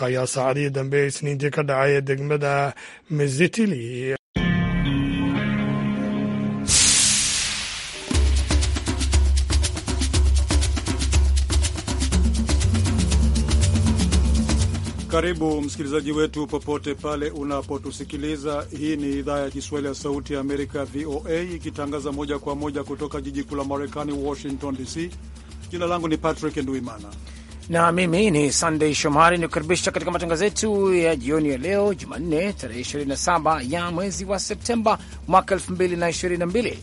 ayaa saacadihii dambe ee isniintii ka dhacay ee degmada mezitili Karibu msikilizaji wetu popote pale unapotusikiliza. Hii ni idhaa ya Kiswahili ya Sauti ya Amerika, VOA, ikitangaza moja kwa moja kutoka jiji kuu la Marekani, Washington DC. Jina langu ni Patrick Nduimana na mimi ni Sandey Shomari nikukaribisha katika matangazo yetu ya jioni ya leo Jumanne tarehe 27 ya mwezi wa Septemba mwaka 2022.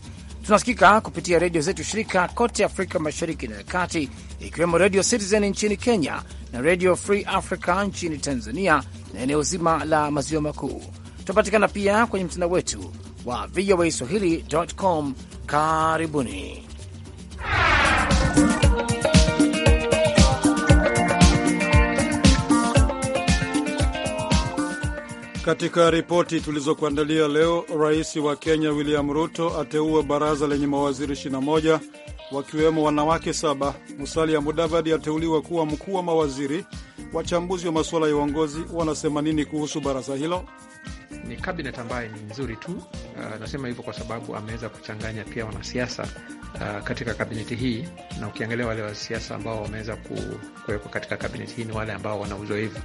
Tunasikika kupitia redio zetu shirika kote Afrika Mashariki na ya Kati, ikiwemo redio Citizen nchini Kenya na redio Free Africa nchini Tanzania na eneo zima la maziwa makuu. Tunapatikana pia kwenye mtandao wetu wa VOA Swahili.com. Karibuni Katika ripoti tulizokuandalia leo, rais wa Kenya William Ruto ateua baraza lenye mawaziri 21 wakiwemo wanawake saba. Musalia Mudavadi ateuliwa kuwa mkuu wa mawaziri. Wachambuzi wa masuala ya uongozi wanasema nini kuhusu baraza hilo? Ni kabinet ambaye ni nzuri tu. Uh, nasema hivyo kwa sababu ameweza kuchanganya pia wanasiasa uh, katika kabineti hii, na ukiangalia wale wasiasa ambao wameweza kuwekwa katika kabineti hii ni wale ambao wana uzoefu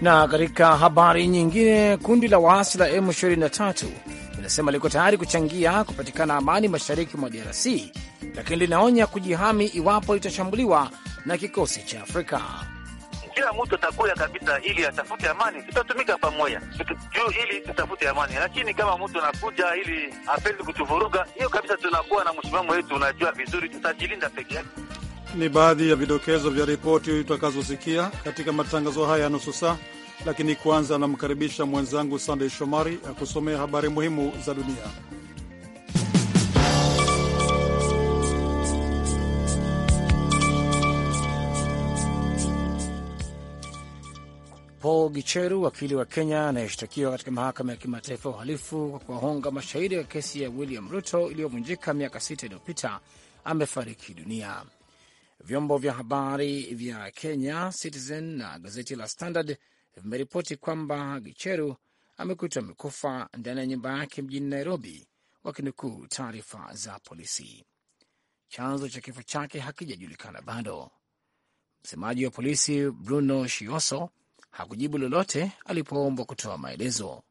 na katika habari nyingine, kundi la waasi la M23 linasema liko tayari kuchangia kupatikana amani mashariki mwa DRC, lakini linaonya kujihami iwapo litashambuliwa na kikosi cha Afrika. Kila mtu atakuya kabisa ili atafute amani, tutatumika pamoja juu ili tutafute amani, lakini kama mtu anakuja ili apende kutuvuruga, hiyo kabisa, tunakuwa na msimamo wetu, unajua vizuri, tutajilinda peke yake. Ni baadhi ya vidokezo vya ripoti utakazosikia katika matangazo haya ya nusu saa, lakini kwanza anamkaribisha mwenzangu Sandey Shomari akusomea habari muhimu za dunia. Paul Gicheru, wakili wa Kenya anayeshtakiwa katika mahakama ya kimataifa ya uhalifu kwa kuwahonga mashahidi ya kesi ya William Ruto iliyovunjika miaka sita iliyopita amefariki dunia. Vyombo vya habari vya Kenya, Citizen na gazeti la Standard vimeripoti kwamba Gicheru amekutwa amekufa ndani ya nyumba yake mjini Nairobi, wakinukuu taarifa za polisi. Chanzo cha kifo chake hakijajulikana bado. Msemaji wa polisi Bruno Shioso hakujibu lolote alipoombwa kutoa maelezo.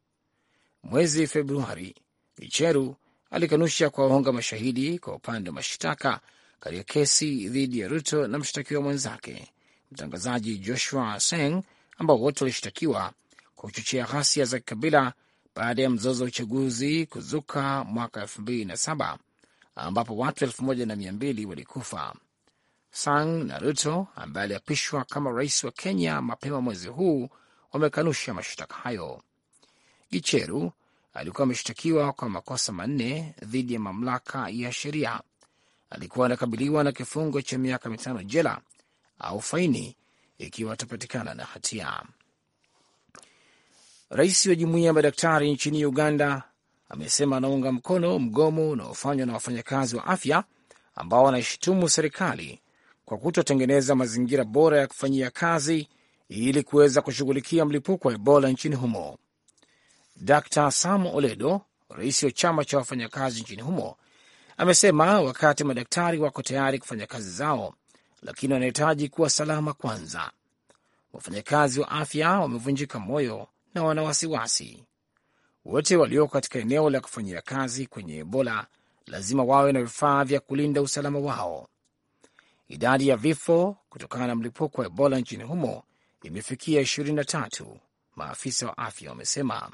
Mwezi Februari, Gicheru alikanusha kuwaonga mashahidi kwa upande wa mashtaka katika kesi dhidi ya Ruto na mshtakiwa mwenzake mtangazaji Joshua seng ambao wote walishtakiwa kwa kuchochea ghasia za kikabila baada ya mzozo wa uchaguzi kuzuka mwaka saba ambapo watu elfu moja na mia mbili walikufa. Sang na Ruto ambaye aliapishwa kama rais wa Kenya mapema mwezi huu wamekanusha mashtaka hayo. Gicheru alikuwa ameshtakiwa kwa makosa manne dhidi ya mamlaka ya sheria alikuwa anakabiliwa na kifungo cha miaka mitano jela au faini ikiwa atapatikana na hatia. Rais wa jumuiya ya madaktari nchini Uganda amesema anaunga mkono mgomo unaofanywa na wafanyakazi wa afya ambao wanaishutumu serikali kwa kutotengeneza mazingira bora ya kufanyia kazi ili kuweza kushughulikia mlipuko wa Ebola nchini humo. Dr Sam Oledo, rais wa chama cha wafanyakazi nchini humo, Amesema wakati madaktari wako tayari kufanya kazi zao, lakini wanahitaji kuwa salama kwanza. Wafanyakazi wa afya wamevunjika moyo na wana wasiwasi. Wote walioko katika eneo la kufanyia kazi kwenye Ebola lazima wawe na vifaa vya kulinda usalama wao. Idadi ya vifo kutokana na mlipuko wa Ebola nchini humo imefikia 23, maafisa wa afya wamesema.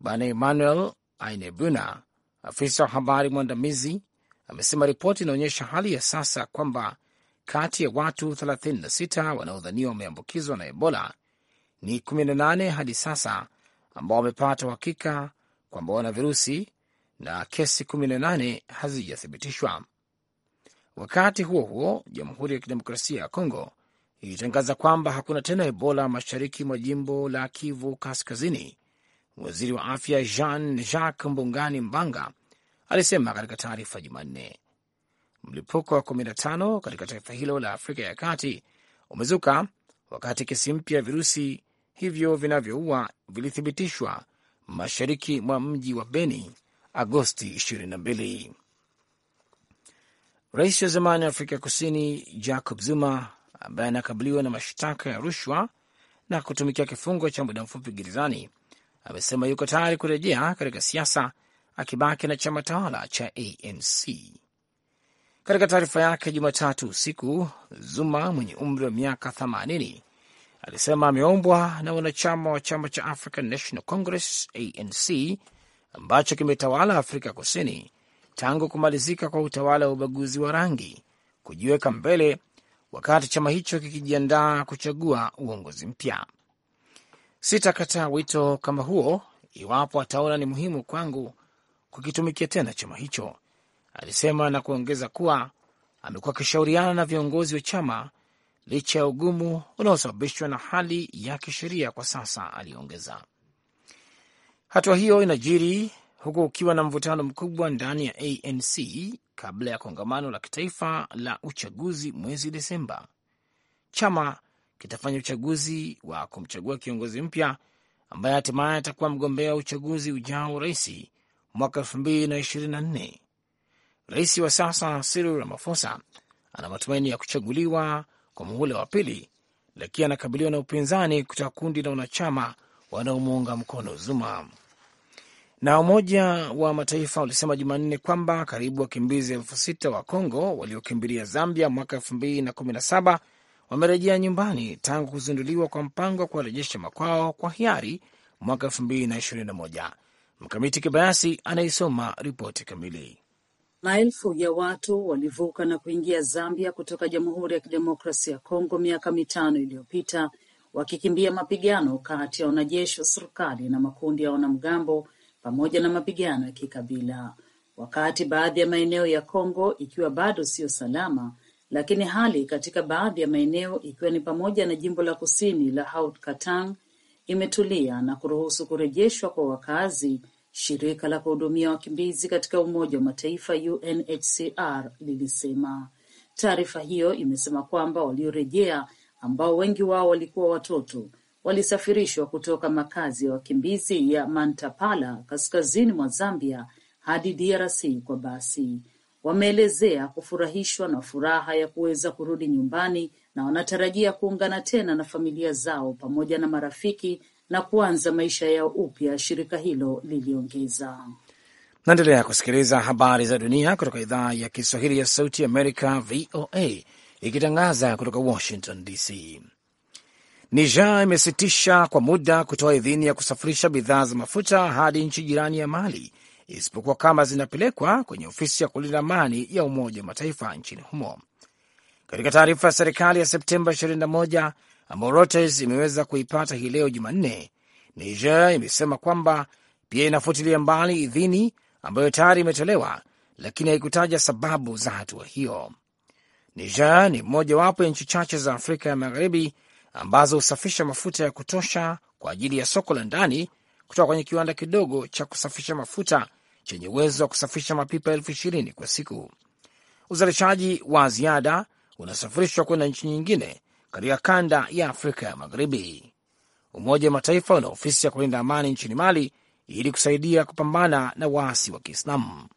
Bana Emmanuel Ainebuna Afisa wa habari mwandamizi amesema ripoti inaonyesha hali ya sasa kwamba kati ya watu 36 wanaodhaniwa wameambukizwa na Ebola ni 18 hadi sasa ambao wamepata uhakika kwamba wana virusi na kesi 18 hazijathibitishwa. Wakati huo huo, Jamhuri ya Kidemokrasia ya Kongo ilitangaza kwamba hakuna tena Ebola mashariki mwa jimbo la Kivu Kaskazini Waziri wa afya Jean Jacques Mbungani Mbanga alisema katika taarifa Jumanne mlipuko wa 15 katika taifa hilo la Afrika ya kati umezuka wakati kesi mpya ya virusi hivyo vinavyoua vilithibitishwa mashariki mwa mji wa Beni Agosti 22. Rais wa zamani wa Afrika Kusini Jacob Zuma ambaye anakabiliwa na mashtaka ya rushwa na kutumikia kifungo cha muda mfupi gerezani amesema yuko tayari kurejea katika siasa akibaki na chama tawala cha ANC. Katika taarifa yake Jumatatu usiku, Zuma mwenye umri wa miaka 80 alisema ameombwa na wanachama wa chama cha African National Congress ANC ambacho kimetawala Afrika Kusini tangu kumalizika kwa utawala wa ubaguzi wa rangi kujiweka mbele wakati chama hicho kikijiandaa kuchagua uongozi mpya. Sitakataa wito kama huo iwapo ataona ni muhimu kwangu kukitumikia tena chama hicho, alisema na kuongeza kuwa amekuwa akishauriana na viongozi wa chama licha ya ugumu unaosababishwa na hali ya kisheria kwa sasa, aliongeza. Hatua hiyo inajiri huku ukiwa na mvutano mkubwa ndani ya ANC kabla ya kongamano la kitaifa la uchaguzi mwezi Desemba. Chama kitafanya uchaguzi wa kumchagua kiongozi mpya ambaye hatimaye atakuwa mgombea wa uchaguzi ujao wa rais mwaka elfu mbili na ishirini na nne. Rais wa sasa Cyril Ramaphosa ana matumaini ya kuchaguliwa kwa muhula wa pili, lakini anakabiliwa na upinzani kutoka kundi la wanachama wanaomuunga mkono Zuma. Na Umoja wa Mataifa ulisema Jumanne kwamba karibu wakimbizi elfu sita wa Kongo waliokimbilia Zambia mwaka elfu mbili na kumi na saba wamerejea nyumbani tangu kuzinduliwa kwa mpango wa kuwarejesha makwao kwa hiari mwaka na moja Mkamiti Kibayasi anaisoma ripoti kamili. Maelfu ya watu walivuka na kuingia Zambia kutoka Jamhuri ya Kidemokrasia ya Kongo miaka mitano iliyopita wakikimbia mapigano kati ya wanajeshi wa serikali na makundi ya wanamgambo pamoja na mapigano ya kikabila. Wakati baadhi ya maeneo ya Kongo ikiwa bado siyo salama, lakini hali katika baadhi ya maeneo ikiwa ni pamoja na jimbo la kusini la haut Katang imetulia na kuruhusu kurejeshwa kwa wakazi. Shirika la kuhudumia wakimbizi katika Umoja wa Mataifa UNHCR lilisema. Taarifa hiyo imesema kwamba waliorejea, ambao wengi wao walikuwa watoto, walisafirishwa kutoka makazi ya wakimbizi ya Mantapala kaskazini mwa Zambia hadi DRC kwa basi wameelezea kufurahishwa na furaha ya kuweza kurudi nyumbani na wanatarajia kuungana tena na familia zao pamoja na marafiki na kuanza maisha yao upya, shirika hilo liliongeza. Naendelea kusikiliza habari za dunia kutoka idhaa ya Kiswahili ya Sauti Amerika, VOA, ikitangaza kutoka Washington DC. Niger imesitisha kwa muda kutoa idhini ya kusafirisha bidhaa za mafuta hadi nchi jirani ya Mali isipokuwa kama zinapelekwa kwenye ofisi ya kulinda amani ya Umoja wa Mataifa nchini humo. Katika taarifa ya serikali ya Septemba 21 ambayo Reuters imeweza kuipata hii leo Jumanne, Niger imesema kwamba pia inafutilia mbali idhini ambayo tayari imetolewa, lakini haikutaja sababu za hatua hiyo. Niger ni mmojawapo ya nchi chache za Afrika ya Magharibi ambazo husafisha mafuta ya kutosha kwa ajili ya soko la ndani kutoka kwenye kiwanda kidogo cha kusafisha mafuta chenye uwezo wa kusafisha mapipa elfu ishirini kwa siku. Uzalishaji wa ziada unasafirishwa kwenda nchi nyingine katika kanda ya Afrika ya Magharibi. Umoja wa Mataifa una ofisi ya kulinda amani nchini Mali ili kusaidia kupambana na waasi wa Kiislamu.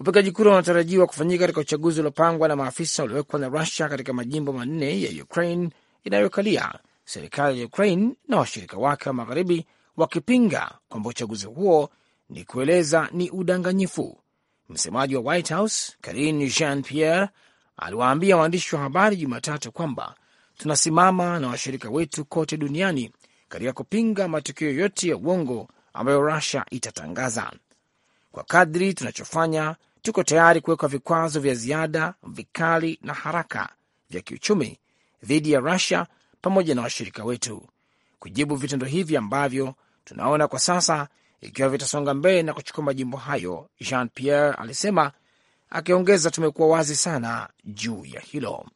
Upigaji kura unatarajiwa kufanyika katika uchaguzi uliopangwa na maafisa waliowekwa na Rusia katika majimbo manne ya Ukraine inayokalia serikali ya Ukraine na washirika wake wa magharibi wakipinga kwamba uchaguzi huo ni kueleza ni udanganyifu. Msemaji wa White House Karine Jean Pierre aliwaambia waandishi wa habari Jumatatu kwamba tunasimama na washirika wetu kote duniani katika kupinga matukio yote ya uongo ambayo rusia itatangaza. Kwa kadri tunachofanya, tuko tayari kuwekwa vikwazo vya ziada vikali na haraka vya kiuchumi dhidi ya rasia pamoja na washirika wetu kujibu vitendo hivi ambavyo Tunaona kwa sasa ikiwa vitasonga mbele na kuchukua majimbo hayo, Jean Pierre alisema, akiongeza, tumekuwa wazi sana juu ya hilo.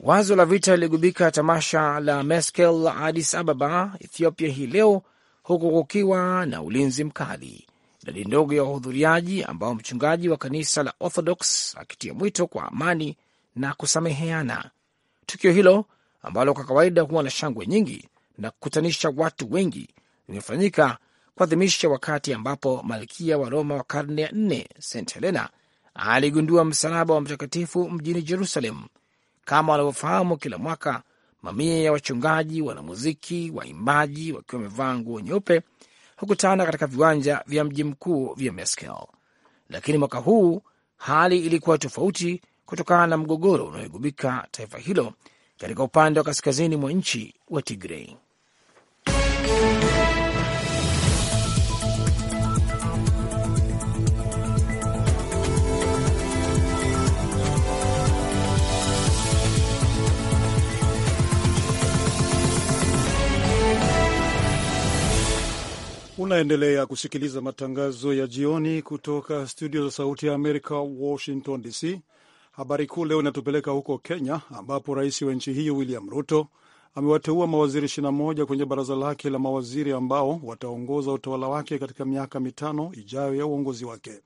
Wazo la vita liligubika tamasha la Meskel la Ababa, Ethiopia hii leo, huku kukiwa na ulinzi mkali. Idadi ndogo ya wahudhuriaji ambao mchungaji wa kanisa la Orthodox akitia mwito kwa amani na kusameheana. Tukio hilo ambalo kwa kawaida huwa na shangwe nyingi na kukutanisha watu wengi limefanyika kuadhimisha wakati ambapo malkia wa Roma wa karne ya nne St Helena aligundua msalaba wa mtakatifu mjini Jerusalem. Kama wanavyofahamu kila mwaka, mamia ya wachungaji, wanamuziki, waimbaji wakiwa wamevaa nguo nyeupe hukutana katika viwanja vya mji mkuu vya Meskel, lakini mwaka huu hali ilikuwa tofauti kutokana na mgogoro unaoigubika taifa hilo katika upande wa kaskazini mwa nchi wa Tigrei. Unaendelea kusikiliza matangazo ya jioni kutoka studio za Sauti ya Amerika, Washington DC. Habari kuu leo inatupeleka huko Kenya, ambapo rais wa nchi hiyo William Ruto amewateua mawaziri 21 kwenye baraza lake la mawaziri ambao wataongoza utawala wake katika miaka mitano ijayo ya uongozi wake.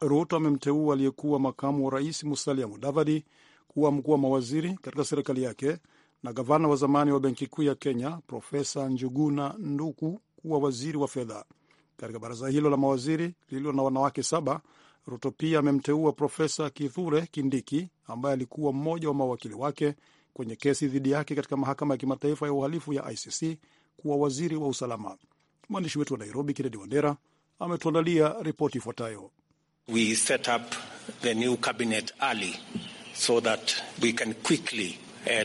Ruto amemteua aliyekuwa makamu wa rais Musalia Mudavadi kuwa mkuu wa mawaziri katika serikali yake na gavana wa zamani wa benki kuu ya Kenya Profesa Njuguna Nduku kuwa waziri wa fedha. Katika baraza hilo la mawaziri lililo na wanawake saba, Ruto pia amemteua Profesa Kithure Kindiki ambaye alikuwa mmoja wa mawakili wake kwenye kesi dhidi yake katika mahakama ya kimataifa ya uhalifu ya ICC kuwa waziri wa usalama. Mwandishi wetu wa Nairobi, Kennedy Wandera, ametuandalia ripoti ifuatayo. We set up the new cabinet early so that we can quickly Uh,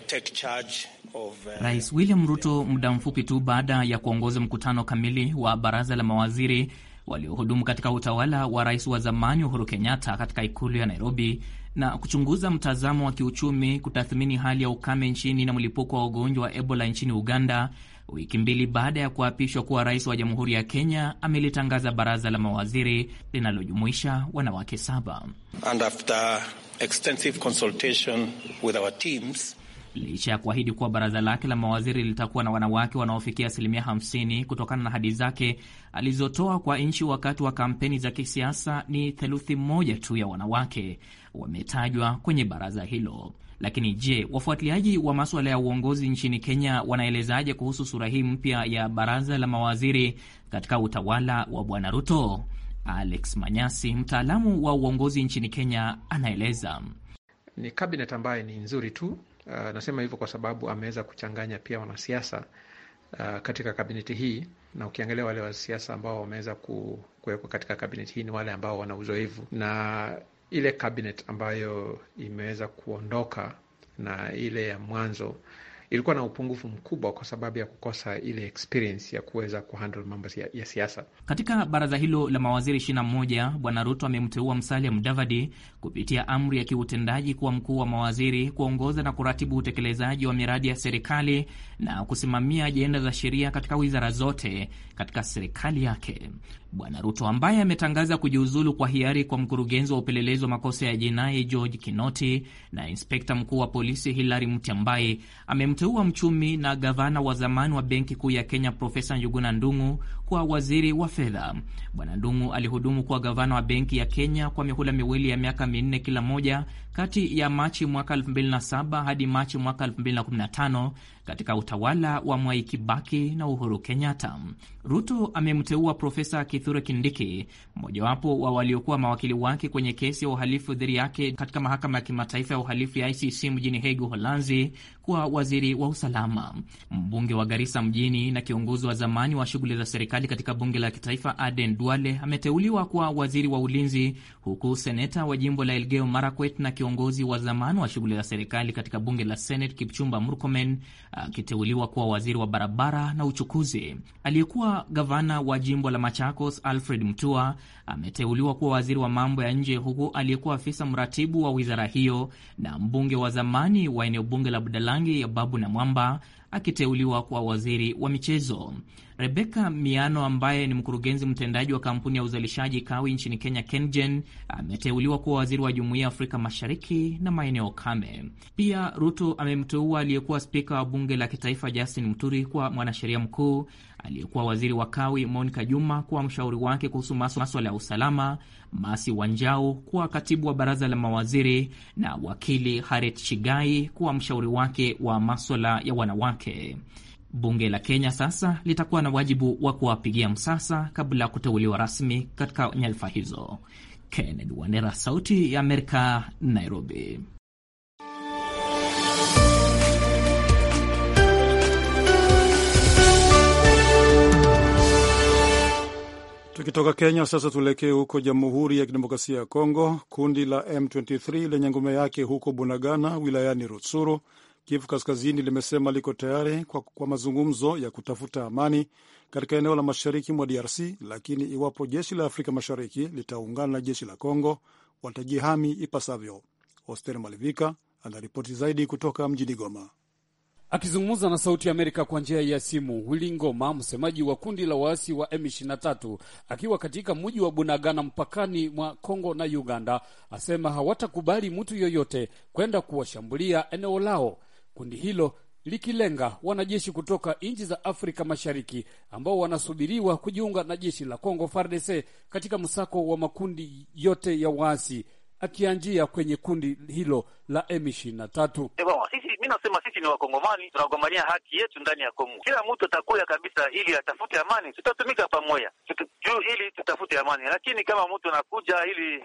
uh, rais William Ruto muda mfupi tu baada ya kuongoza mkutano kamili wa baraza la mawaziri waliohudumu katika utawala wa rais wa zamani Uhuru Kenyatta katika ikulu ya Nairobi na kuchunguza mtazamo wa kiuchumi, kutathmini hali ya ukame nchini na mlipuko wa ugonjwa wa Ebola nchini Uganda. Wiki mbili baada ya kuapishwa kuwa rais wa Jamhuri ya Kenya, amelitangaza baraza la mawaziri linalojumuisha wanawake saba. And after extensive consultation with our teams, licha ya kuahidi kuwa baraza lake la mawaziri litakuwa na wanawake wanaofikia asilimia 50 kutokana na hadi zake alizotoa kwa nchi wakati wa kampeni za kisiasa. Ni theluthi moja tu ya wanawake wametajwa kwenye baraza hilo. Lakini je, wafuatiliaji wa maswala ya uongozi nchini Kenya wanaelezaje kuhusu sura hii mpya ya baraza la mawaziri katika utawala wa Bwana Ruto? Alex Manyasi, mtaalamu wa uongozi nchini Kenya, anaeleza. Ni kabinet ambaye ni nzuri tu Ah, nasema hivyo kwa sababu ameweza kuchanganya pia wanasiasa uh, katika kabineti hii, na ukiangalia wale wanasiasa ambao wameweza kuwekwa katika kabineti hii ni wale ambao wana uzoefu, na ile kabineti ambayo imeweza kuondoka na ile ya mwanzo ilikuwa na upungufu mkubwa kwa sababu ya kukosa ile experience ya kuweza kuhandle mambo ya, ya siasa. Katika baraza hilo la mawaziri 21 Bwana Ruto amemteua Musalia Mudavadi kupitia amri ya kiutendaji kuwa mkuu wa mawaziri, kuongoza na kuratibu utekelezaji wa miradi ya serikali na kusimamia ajenda za sheria katika wizara zote katika serikali yake. Bwana Ruto ambaye ametangaza kujiuzulu kwa hiari kwa mkurugenzi wa upelelezi wa makosa ya jinai George Kinoti na inspekta mkuu wa polisi Hilary Mutyambai amemteua kumteua mchumi na gavana wa zamani wa benki kuu ya Kenya Profesa Njuguna Ndung'u kuwa waziri wa fedha. Bwana Ndung'u alihudumu kuwa gavana wa benki ya Kenya kwa mihula miwili ya miaka minne kila moja kati ya Machi mwaka 2007 hadi Machi mwaka 2015 katika utawala wa Mwai Kibaki na Uhuru Kenyatta. Ruto amemteua Profesa Kithure Kindiki, mmojawapo wa waliokuwa mawakili wake kwenye kesi ya uhalifu dhidi yake katika mahakama ya kimataifa ya uhalifu ya ICC mjini Hague, Uholanzi, kuwa waziri wa usalama. Mbunge wa Garissa mjini na kiongozi wa zamani wa shughuli za serikali katika bunge la kitaifa Aden Duale ameteuliwa kuwa waziri wa ulinzi, huku seneta wa jimbo la Elgeyo Marakwet na kiongozi wa zamani wa shughuli za serikali katika bunge la Senate Kipchumba Murkomen akiteuliwa kuwa waziri wa barabara na uchukuzi. Aliyekuwa gavana wa jimbo la Machakos Alfred Mutua ameteuliwa kuwa waziri wa mambo ya nje, huku aliyekuwa afisa mratibu wa wizara hiyo na mbunge wa zamani wa eneo bunge la Budalangi ya Babu na Mwamba akiteuliwa kuwa waziri wa michezo. Rebeka Miano ambaye ni mkurugenzi mtendaji wa kampuni ya uzalishaji kawi nchini Kenya, KenGen, ameteuliwa kuwa waziri wa jumuiya ya Afrika Mashariki na maeneo kame. Pia Ruto amemteua aliyekuwa spika wa bunge la kitaifa Justin Muturi kuwa mwanasheria mkuu, aliyekuwa waziri wa kawi Monica Juma kuwa mshauri wake kuhusu maswala ya usalama, Masi Wanjau kuwa katibu wa baraza la mawaziri na wakili Haret Chigai kuwa mshauri wake wa maswala ya wanawake. Bunge la Kenya sasa litakuwa na wajibu wa kuwapigia msasa kabla ya kuteuliwa rasmi katika nyadhifa hizo. Kennedy Wandera, Sauti ya Amerika, Nairobi. Tukitoka Kenya sasa tuelekee huko Jamhuri ya Kidemokrasia ya Kongo. Kundi la M23 lenye ngome yake huko Bunagana wilayani Rutsuru Kivu Kaskazini limesema liko tayari kwa, kwa mazungumzo ya kutafuta amani katika eneo la mashariki mwa DRC, lakini iwapo jeshi la Afrika Mashariki litaungana na jeshi la congo watajihami ipasavyo. Oster Malivika anaripoti zaidi kutoka mjini Goma. Akizungumza na Sauti ya Amerika kwa njia ya simu, Willy Ngoma, msemaji wa kundi la waasi wa M23 akiwa katika mji wa Bunagana mpakani mwa Kongo na Uganda, asema hawatakubali mtu yoyote kwenda kuwashambulia eneo lao kundi hilo likilenga wanajeshi kutoka nchi za Afrika Mashariki ambao wanasubiriwa kujiunga na jeshi la congo FARDC katika msako wa makundi yote ya waasi akianjia kwenye kundi hilo la M23. Sisi mi nasema sisi ni Wakongomani, tunagombania haki yetu ndani ya Kongo. Kila mtu atakuya kabisa ili atafute amani, tutatumika pamoja juu ili tutafute amani, lakini kama mtu anakuja ili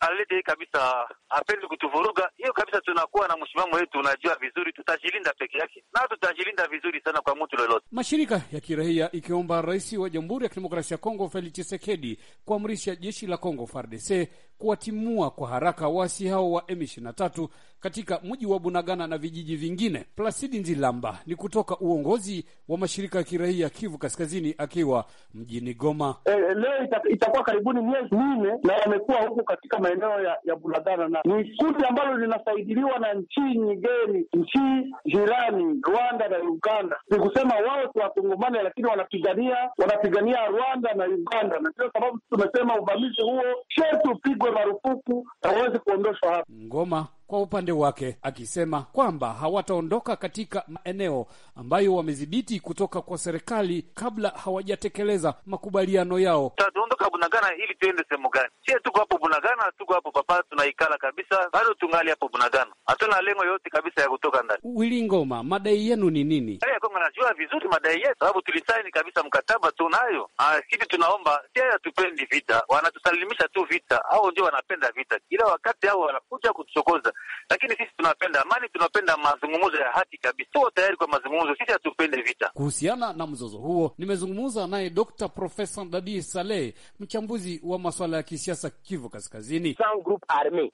alete kabisa, apende kutuvuruga, hiyo kabisa, tunakuwa na msimamo wetu, unajua vizuri, tutajilinda peke yake na tutajilinda vizuri sana kwa mtu lolote. Mashirika ya kiraia ikiomba rais wa Jamhuri ya Kidemokrasia ya Kongo Felix Tshisekedi kuamrisha jeshi la Kongo FARDC kuwatimua kwa haraka waasi hao wa M23 katika mji wa Bunagana na vijiji vingine. Plasidi Nzilamba ni kutoka uongozi wa mashirika ya kiraia Kivu Kaskazini akiwa mjini Goma. E, leo itakuwa ita karibuni miezi minne na wamekuwa huko katika maeneo ya, ya Bunagana na ni kundi ambalo linasaidiliwa na nchi nyingine, nchi jirani Rwanda na Uganda. Ni kusema wao si Wakongomani, lakini wanapigania wanapigania Rwanda na Uganda, na ndio sababu tumesema uvamizi huo shetu upigwe marufuku a wasu kwando su goma kwa upande wake akisema kwamba hawataondoka katika maeneo ambayo wamedhibiti kutoka kwa serikali kabla hawajatekeleza makubaliano yao. Tunaondoka Bunagana ili tuende sehemu gani? Sie tuko hapo Bunagana, tuko hapo papa, tunaikala kabisa, bado tungali hapo Bunagana, hatuna lengo yote kabisa ya kutoka ndani. Wilingoma, madai yenu ni nini? Kongo najua vizuri madai yetu, sababu tulisaini kabisa mkataba, tunayo ah, kitu tunaomba. Sie hatupendi vita, wanatusalimisha tu vita, au ndio wanapenda vita, ila wakati au wanakuja kutuchokoza lakini sisi tunapenda amani, tunapenda mazungumzo ya haki kabisa. Tuko tayari kwa mazungumzo, sisi hatupende vita. Kuhusiana na mzozo huo, nimezungumza naye Dr. Profesa Dadi Saleh, mchambuzi wa masuala ya kisiasa Kivu Kaskazini. Group arme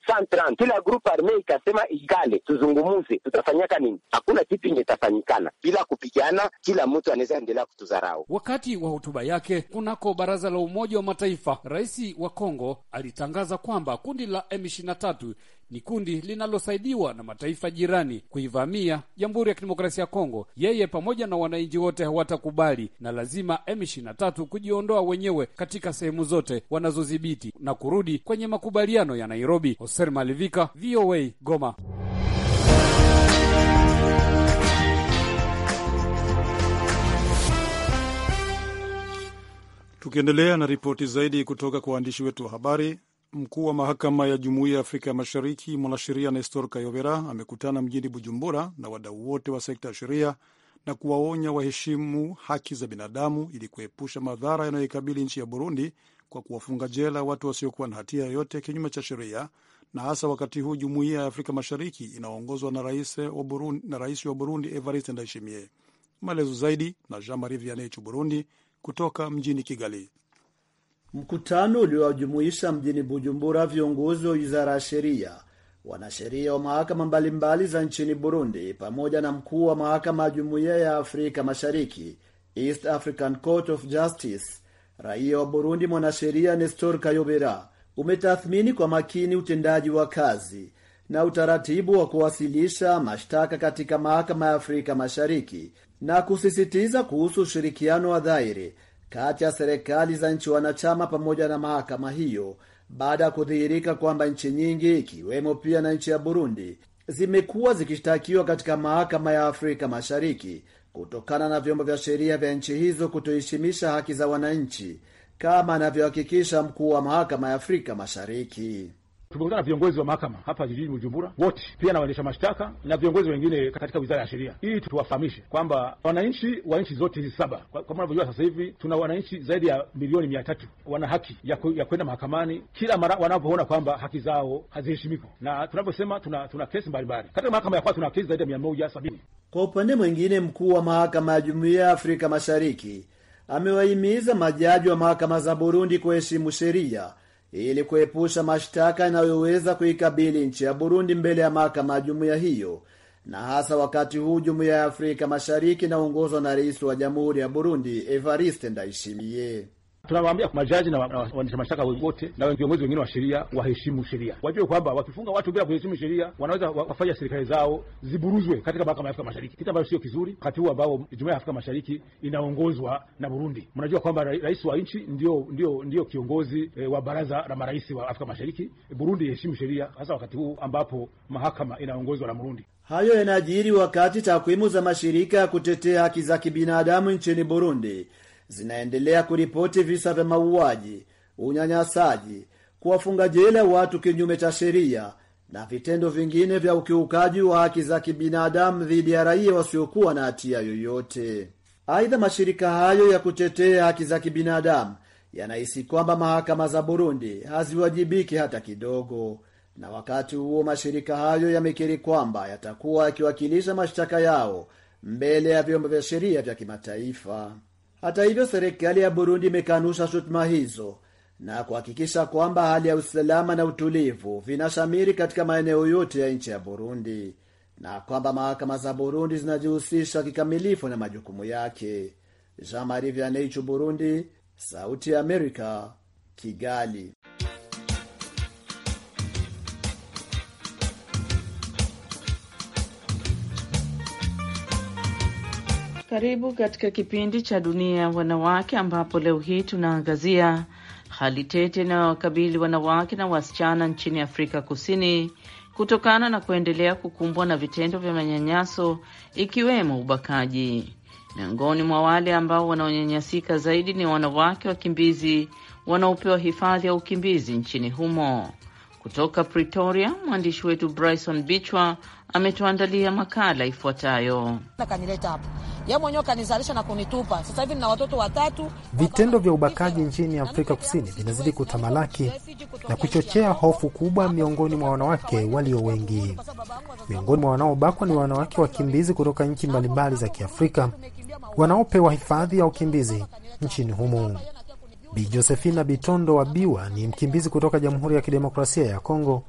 kila group arme ikasema ikale, tuzungumuze, tutafanyaka nini? Hakuna kitu ingetafanyikana bila kupigana, kila mtu anaweza endelea kutuzarau. Wakati wa hotuba yake kunako Baraza la Umoja wa Mataifa, rais wa Kongo alitangaza kwamba kundi la M23 ni kundi linalosaidiwa na mataifa jirani kuivamia Jamhuri ya Kidemokrasia ya Kongo. Yeye pamoja na wananchi wote hawatakubali na lazima M23 kujiondoa wenyewe katika sehemu zote wanazodhibiti na kurudi kwenye makubaliano ya Nairobi. Hoser Malivika, VOA, Goma. Tukiendelea na ripoti zaidi kutoka kwa waandishi wetu wa habari, Mkuu wa mahakama ya jumuiya ya Afrika ya Mashariki, mwanasheria Nestor Kayovera amekutana mjini Bujumbura na wadau wote wa sekta ya sheria na kuwaonya waheshimu haki za binadamu ili kuepusha madhara yanayoikabili nchi ya Burundi kwa kuwafunga jela watu wasiokuwa na hatia yoyote kinyume cha sheria, na hasa wakati huu jumuiya ya Afrika Mashariki inaongozwa na rais wa Burundi, na rais wa Burundi Evariste Ndayishimiye. Maelezo zaidi na Jean Marie Vianney Burundi kutoka mjini Kigali. Mkutano uliowajumuisha mjini Bujumbura viongozi wa wizara ya sheria, wanasheria wa mahakama mbalimbali za nchini Burundi pamoja na mkuu wa mahakama ya jumuiya ya Afrika Mashariki, East African Court of Justice, raia wa Burundi mwanasheria Nestor Kayobera, umetathmini kwa makini utendaji wa kazi na utaratibu wa kuwasilisha mashtaka katika mahakama ya Afrika Mashariki na kusisitiza kuhusu ushirikiano wa dhahiri kati ya serikali za nchi wanachama pamoja na mahakama hiyo baada ya kudhihirika kwamba nchi nyingi ikiwemo pia na nchi ya Burundi zimekuwa zikishtakiwa katika mahakama ya Afrika Mashariki kutokana na vyombo vya sheria vya nchi hizo kutoheshimisha haki za wananchi, kama anavyohakikisha mkuu wa mahakama ya Afrika Mashariki tumekutana na viongozi wa mahakama hapa jijini Bujumbura wote, pia na waendesha mashtaka na viongozi wengine katika wizara ya sheria, ili tuwafahamishe kwamba wananchi wa nchi zote hizi saba, kama unavyojua sasa hivi tuna wananchi zaidi ya milioni mia tatu wana haki ya kwenda mahakamani kila mara wanapoona kwamba haki zao haziheshimiki, na tunavyosema tuna, tuna kesi mbalimbali katika mahakama ya kwanza tuna kesi zaidi ya mia moja sabini. Kwa upande mwingine, mkuu wa mahakama ya Jumuiya ya Afrika Mashariki amewahimiza majaji wa mahakama za Burundi kuheshimu sheria ili kuepusha mashtaka yanayoweza kuikabili nchi ya Burundi mbele ya mahakama ya jumuiya hiyo, na hasa wakati huu jumuiya ya Afrika Mashariki inaongozwa na rais wa jamhuri ya Burundi Evariste Ndayishimiye. Tunawaambia majaji na waendesha mashtaka wote na viongozi wengine wa sheria waheshimu sheria, wajue kwamba wakifunga watu bila kuheshimu sheria wanaweza wafanya serikali zao ziburuzwe katika mahakama ya Afrika Mashariki, kitu ambacho sio kizuri wakati huu ambao jumuiya ya Afrika Mashariki inaongozwa na Burundi. Mnajua kwamba rais wa nchi ndio, ndio, ndio kiongozi e, wa baraza la marais wa Afrika Mashariki. Burundi iheshimu sheria, hasa wakati huu ambapo mahakama inaongozwa na Burundi. Hayo yanajiri wakati takwimu za mashirika ya kutetea haki za kibinadamu nchini Burundi zinaendelea kuripoti visa vya mauaji, unyanyasaji, kuwafunga jela watu kinyume cha sheria na vitendo vingine vya ukiukaji wa haki za kibinadamu dhidi ya raia wasiokuwa na hatia yoyote. Aidha, mashirika hayo ya kutetea haki za kibinadamu yanahisi kwamba mahakama za Burundi haziwajibiki hata kidogo, na wakati huo mashirika hayo yamekiri kwamba yatakuwa yakiwakilisha mashtaka yao mbele ya vyombo vya sheria vya kimataifa. Hata hivyo, serikali ya Burundi imekanusha shutuma hizo na kuhakikisha kwamba hali ya usalama na utulivu vinashamiri katika maeneo yote ya nchi ya Burundi na kwamba mahakama za Burundi zinajihusisha kikamilifu na majukumu yake. Jean Marie Vianney, Burundi, Sauti ya Amerika, Kigali. Karibu katika kipindi cha Dunia ya Wanawake, ambapo leo hii tunaangazia hali tete inayowakabili wanawake na wasichana nchini Afrika Kusini kutokana na kuendelea kukumbwa na vitendo vya manyanyaso ikiwemo ubakaji. Miongoni mwa wale ambao wanaonyanyasika zaidi ni wanawake wakimbizi wanaopewa hifadhi ya ukimbizi nchini humo. Kutoka Pretoria, mwandishi wetu Bryson Bichwa ametuandalia makala ifuatayo. mwenyewe kanizalisha na kunitupa. Sasa hivi nina watoto watatu. Vitendo vya ubakaji nchini Afrika Kusini vinazidi kutamalaki na kuchochea hofu kubwa miongoni mwa wanawake walio wengi. Miongoni mwa wanaobakwa ni wanawake wakimbizi kutoka nchi mbalimbali za Kiafrika wanaopewa hifadhi ya ukimbizi nchini humo. Bi Josefina Bitondo wa Biwa ni mkimbizi kutoka Jamhuri ya Kidemokrasia ya Kongo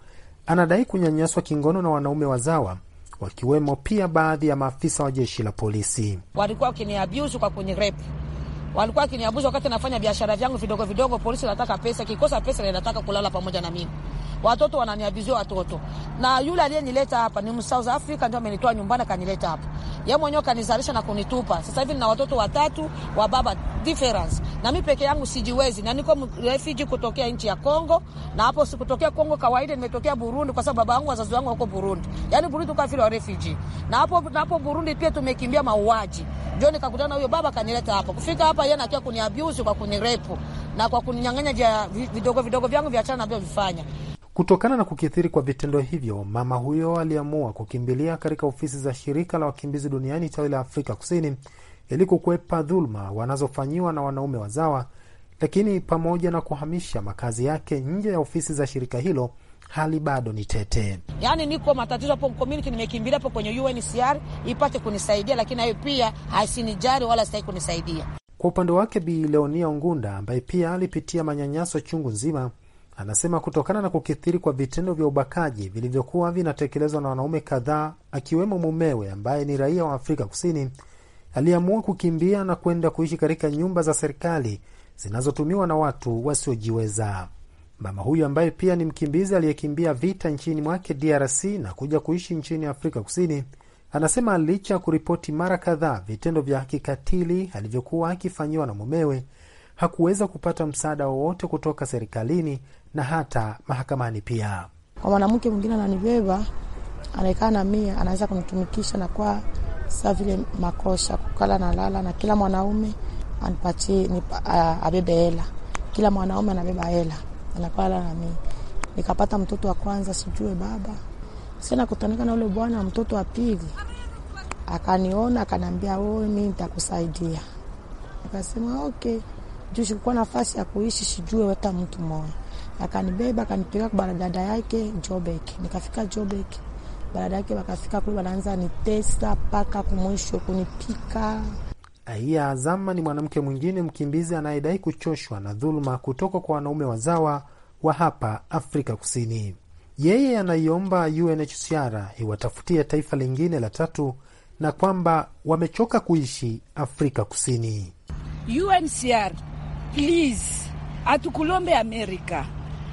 anadai kunyanyaswa kingono na wanaume wazawa wakiwemo pia baadhi ya maafisa wa jeshi la polisi. Walikuwa wakiniabusu kwa kunirepu, walikuwa wakiniabusu wakati nafanya biashara vyangu vidogo vidogo. Polisi nataka pesa, kikosa pesa, nataka kulala pamoja na mimi watoto wananiavizia watoto, na yule aliyenileta hapa ni South Africa, ndio amenitoa nyumbani akanileta hapa. Yeye mwenyewe kanizalisha na kunitupa. Sasa hivi nina watoto watatu wa baba difference, na mimi peke yangu sijiwezi, na niko refugee kutokea nchi ya Kongo, na hapo sikutokea Kongo kawaida, nimetokea Burundi kwa sababu baba yangu wazazi wangu wako Burundi, yani Burundi kwa vile wa refugee, na hapo na hapo Burundi pia tumekimbia mauaji, ndio nikakutana huyo baba kanileta hapa. Kufika hapa yeye anakia kuniabuse kwa kunirepu na kwa kuninyang'anya vidogo vidogo vyangu vya chana navyo vifanya Kutokana na kukithiri kwa vitendo hivyo, mama huyo aliamua kukimbilia katika ofisi za shirika la wakimbizi duniani tawi la Afrika Kusini ili kukwepa dhuluma wanazofanyiwa na wanaume wazawa, lakini pamoja na kuhamisha makazi yake nje ya ofisi za shirika hilo hali bado ni tete. Yaani, niko matatizo hapo community, nimekimbilia hapo kwenye UNHCR ipate kunisaidia, lakini hayo pia haisinijari wala sitaki kunisaidia. Kwa upande wake, Bi Leonia Ngunda ambaye pia alipitia manyanyaso chungu nzima Anasema kutokana na kukithiri kwa vitendo vya ubakaji vilivyokuwa vinatekelezwa na wanaume kadhaa, akiwemo mumewe ambaye ni raia wa Afrika Kusini, aliamua kukimbia na kwenda kuishi katika nyumba za serikali zinazotumiwa na watu wasiojiweza. Mama huyu ambaye pia ni mkimbizi aliyekimbia vita nchini mwake DRC na kuja kuishi nchini Afrika Kusini, anasema licha ya kuripoti mara kadhaa vitendo vya kikatili alivyokuwa akifanyiwa na mumewe hakuweza kupata msaada wowote kutoka serikalini na hata mahakamani. Pia kwa mwanamke mwingine ananibeba, anaekaa na mia, anaweza kunitumikisha na kwa saa vile makosha kukala na lala, na kila mwanaume anipatie abebe hela, kila mwanaume anabeba hela, anakala na mia. Nikapata mtoto wa kwanza, sijue baba sina kutanika na ule bwana. Mtoto wa pili akaniona, akanambia, mi mimi nitakusaidia. Nikasema okay juu sikuwa nafasi ya kuishi, sijue hata mtu mmoja. Akanibeba akanipeleka kwa baradada yake Jobek, nikafika Jobek baada yake wakafika kule, wanaanza nitesa mpaka kumwisho kunipika. Aia Azama ni mwanamke mwingine mkimbizi anayedai kuchoshwa na dhuluma kutoka kwa wanaume wazawa wa hapa Afrika Kusini. Yeye anaiomba UNHCR iwatafutie taifa lingine la tatu na kwamba wamechoka kuishi Afrika Kusini. UNHCR please, hatukulombe Amerika,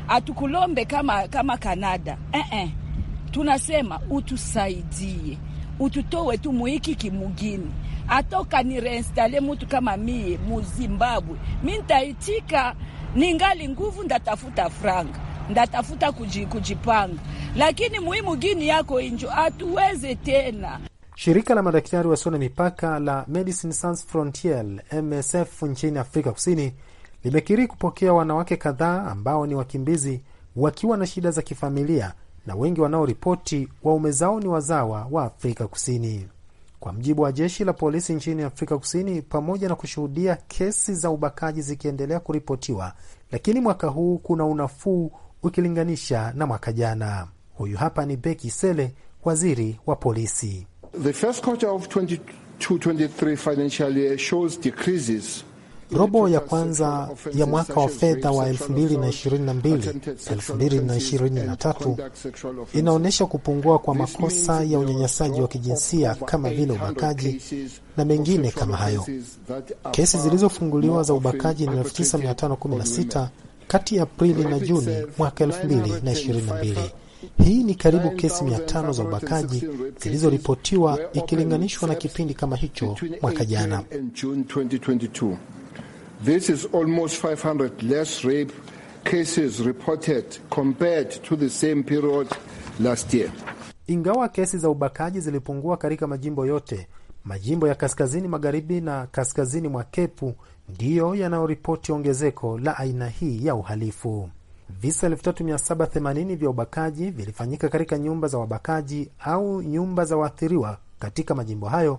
hatukulombe kama kama Kanada eh -eh. Tunasema utusaidie, ututowe tu muiki kimugini atoka ni reinstalle mutu kama mie muzimbabwe, mi ntaitika ningali nguvu, ndatafuta franga, ndatafuta kujipanga, lakini muhimu gini yako injo atuweze tena. Shirika la madaktari wasio na mipaka la medicine Sans Frontieres MSF nchini Afrika Kusini limekiri kupokea wanawake kadhaa ambao ni wakimbizi wakiwa na shida za kifamilia na wengi wanaoripoti waume zao ni wazawa wa Afrika Kusini. Kwa mjibu wa jeshi la polisi nchini Afrika Kusini, pamoja na kushuhudia kesi za ubakaji zikiendelea kuripotiwa, lakini mwaka huu kuna unafuu ukilinganisha na mwaka jana. Huyu hapa ni Beki Sele, waziri wa polisi. The first quarter of 22, 23 financial year shows decreases Robo ya kwanza ya mwaka wa fedha wa 2022 2023 inaonyesha kupungua kwa makosa ya unyanyasaji wa kijinsia kama vile ubakaji na mengine kama hayo. Kesi zilizofunguliwa za ubakaji ni 9516 kati ya Aprili na Juni mwaka 2022. Hii ni karibu kesi mia tano za ubakaji zilizoripotiwa ikilinganishwa na kipindi kama hicho mwaka jana. This is almost 500 less rape cases reported compared to the same period last year. Ingawa kesi za ubakaji zilipungua katika majimbo yote, majimbo ya kaskazini magharibi na kaskazini mwa Kepu ndiyo yanayoripoti ongezeko la aina hii ya uhalifu. Visa 3780 vya ubakaji vilifanyika katika nyumba za wabakaji au nyumba za waathiriwa katika majimbo hayo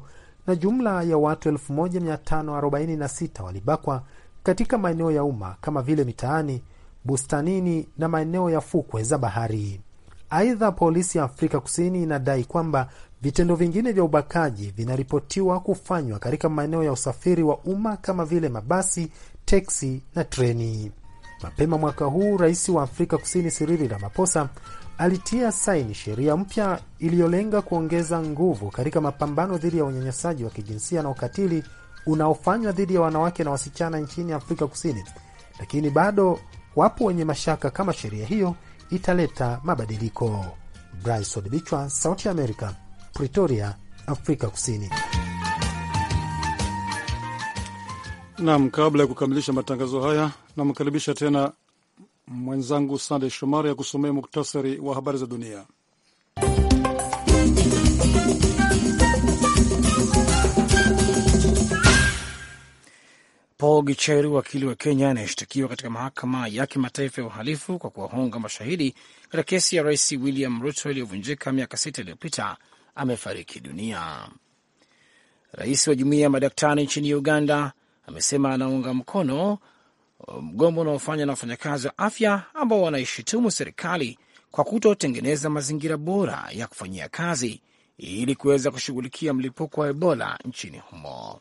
na jumla ya watu 1546 walibakwa katika maeneo ya umma kama vile mitaani, bustanini na maeneo ya fukwe za bahari. Aidha, polisi ya Afrika Kusini inadai kwamba vitendo vingine vya ubakaji vinaripotiwa kufanywa katika maeneo ya usafiri wa umma kama vile mabasi, teksi na treni. Mapema mwaka huu, rais wa Afrika Kusini Cyril Ramaphosa alitia saini sheria mpya iliyolenga kuongeza nguvu katika mapambano dhidi ya unyanyasaji wa kijinsia na ukatili unaofanywa dhidi ya wanawake na wasichana nchini Afrika Kusini, lakini bado wapo wenye mashaka kama sheria hiyo italeta mabadiliko. Bryson Bichwa, Sauti ya Amerika, Pretoria, Afrika Kusini. Nam, kabla ya kukamilisha matangazo haya, namkaribisha tena mwenzangu Sande Shomari ya kusomea muktasari wa habari za dunia. Paul Gicheru, wakili wa Kenya anayeshtakiwa katika mahakama ya kimataifa ya uhalifu kwa kuwahonga mashahidi katika kesi ya rais William Ruto iliyovunjika miaka sita iliyopita amefariki dunia. Rais wa jumuiya ya madaktari nchini Uganda amesema anaunga mkono mgomo unaofanywa na wafanyakazi wa afya ambao wanaishutumu serikali kwa kutotengeneza mazingira bora ya kufanyia kazi ili kuweza kushughulikia mlipuko wa Ebola nchini humo.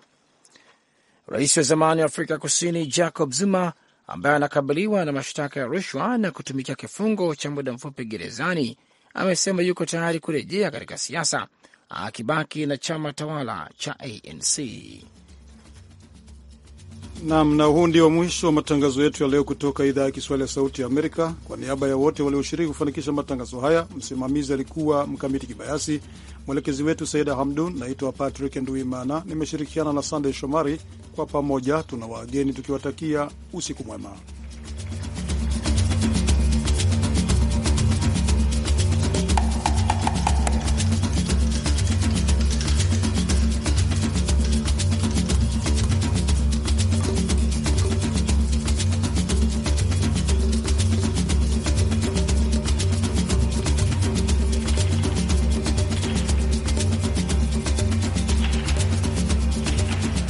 Rais wa zamani wa Afrika Kusini Jacob Zuma, ambaye anakabiliwa na mashtaka ya rushwa na kutumikia kifungo cha muda mfupi gerezani, amesema yuko tayari kurejea katika siasa akibaki na chama tawala cha ANC. Nam, na huu ndio mwisho wa matangazo yetu ya leo kutoka idhaa ya Kiswahili ya Sauti ya Amerika. Kwa niaba ya wote walioshiriki kufanikisha matangazo haya, msimamizi alikuwa Mkamiti Kibayasi, mwelekezi wetu Saida Hamdun. Naitwa Patrick Nduimana, nimeshirikiana na Sandey Shomari. Kwa pamoja tuna wageni tukiwatakia usiku mwema.